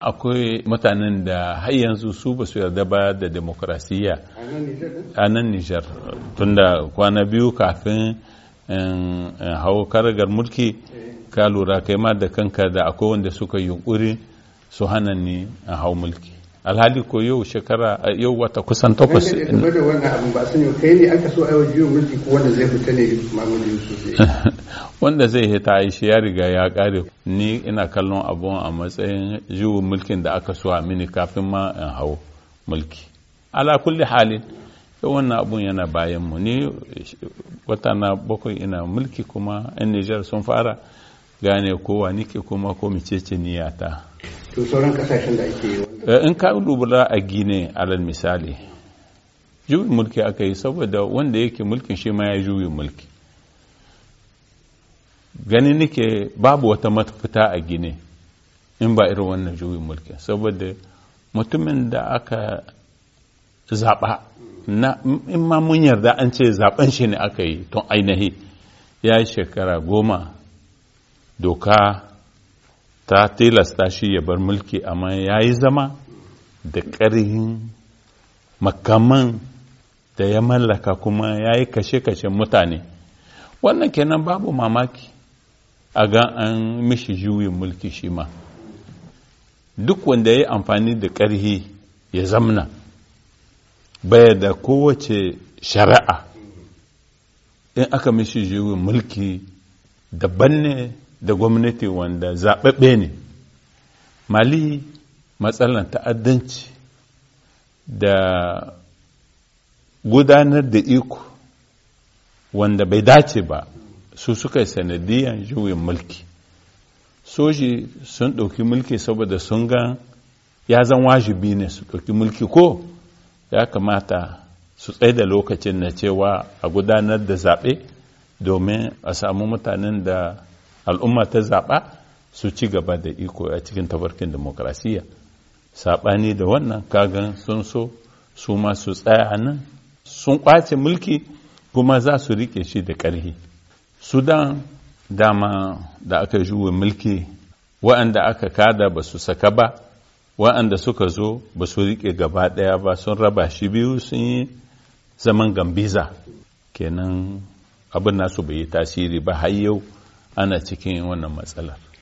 akwai mutanen da har yanzu su ba su yarda ba da demokrasiyya a nan nijar tunda kwana biyu kafin hau karagar mulki ka lura kai ma da kanka da akwai wanda suka yunkuri su hana ni hau mulki alhali ko yau shekara yau wata kusan takwas wanda zai fita ne hita ya riga ya kare ni ina kallon abuwan a matsayin jiwo mulkin da aka so a mini kafin ma in hau mulki ala kulli halin wannan abun yana bayan mu ni wata na bakwai ina mulki kuma yan Nijar sun fara gane kowa nike kuma ko ce niyata to sauran kasashen da eh, in ka lura a gine alal misali juyin mulki aka yi saboda wanda yake mulkin shi ma ya juyin mulki gani nake babu wata mafita a gine in ba irin wannan juyin mulki saboda mutumin da aka zaɓa in ma mun yarda an ce zaɓen shi ne aka yi tun ainihi ya yi shekara goma doka ta tilasta shi ya bar mulki amma ya yi zama da ƙarhin makaman da ya mallaka kuma ya yi kashe-kashen mutane wannan kenan babu mamaki a ga an mishi juyin mulki shi ma duk wanda ya yi amfani da ƙarhi ya zamna baya da kowace shari'a in aka mishi juyin mulki daban ne da gwamnati wanda zaɓaɓɓe ne mali matsalan ta'addanci da gudanar da iko wanda bai dace ba su suka yi sanadiyan juyin mulki soji sun ɗauki mulki saboda sun ga ya zan wajibi ne su ɗauki mulki ko ya kamata su tsaye da lokacin na cewa a gudanar da zaɓe domin a samu mutanen da al'umma ta zaɓa su ci gaba da iko a cikin tafarkin demokrasiyya saɓani da wannan kagan sun so su ma su tsaya nan sun ƙwace mulki kuma za su riƙe shi da ƙarfi sudan dama da aka juwe mulki waɗanda aka kada ba su saka ba waɗanda suka zo ba su riƙe gaba ɗaya ba sun raba shi biyu sun yi zaman gambiza kenan abin nasu bai yi tasiri ba har yau ana cikin wannan matsalar